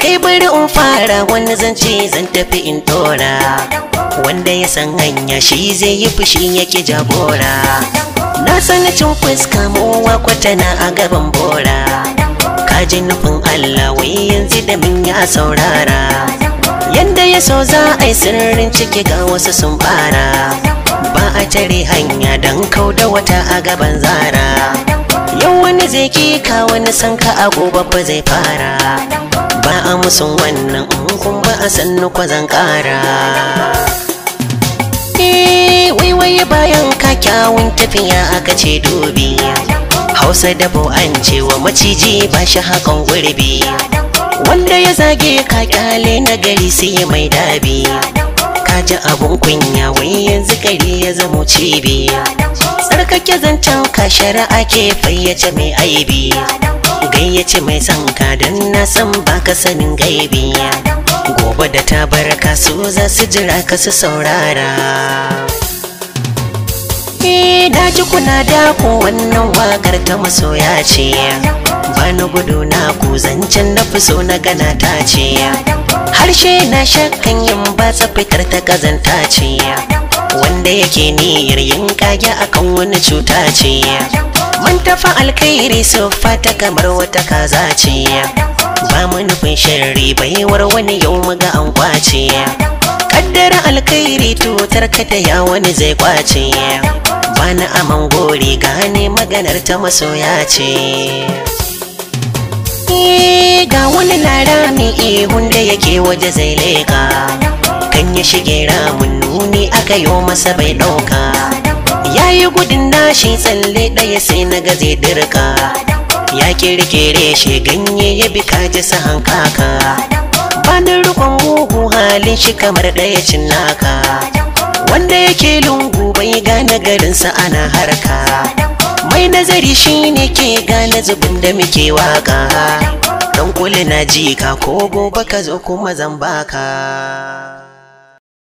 kai bari in fara wani zance zan tafi in tora wanda ya san hanya shi zai yi fushi yake jagora na sani cin fuska mowa kwatana a gaban bora Ka ji nufin allah wai yanzu da min ya saurara yanda ya so za a yi sirrin ciki ga wasu sun fara. ba a tare hanya don kau da wata a gaban zara yau wani zai kika wani sanka a gobe ba zai fara ba a musun wannan in kun ba a sannu kwa zan kara eh, wai, bayan ka kyawun tafiya aka ce dubi hausa dabo an wa maciji ba shi hakan gurbi wanda ya zage ka kyale na gari sai mai dabi ka abun kunya wai yanzu gari ya zamo cibiya tsarkake zancen ka shari'a ke fayyace mai aibi gayyace mai son ka don na san baka sanin gaibi gobe da ta baraka su za su jira ka su saurara Eh ji kuna ku wannan wakar ta masoya ce bani gudu na ku zancen na fi so na gana ta ce harshe na shakkan yin batsa fitar ta kazanta ce wanda yake niyar yin kage akan wani cuta ce mun tafa alkhairi siffa fata kamar wata kaza ce ba mu nufin sharri baiwar wani yau ga an kwace kaddara alkhairi tutar kada ya wani zai kwace bani aman gori gane maganar ta masoya ce eh, ga wani na rami ihun yake waje zai leka kan ya shige ramin nuni aka yo masa bai dauka yayi gudun nashi tsalle ɗaya sai na ga dirka ya kirkire shi ganye ya bi kaji su hankaka banin rukun mugu halin shi kamar ɗaya cinnaka wanda yake lungu bai gane sa ana harka mai nazari shine ke gane zubin da muke waka dan kula na jika ko gobe ka zo kuma zan baka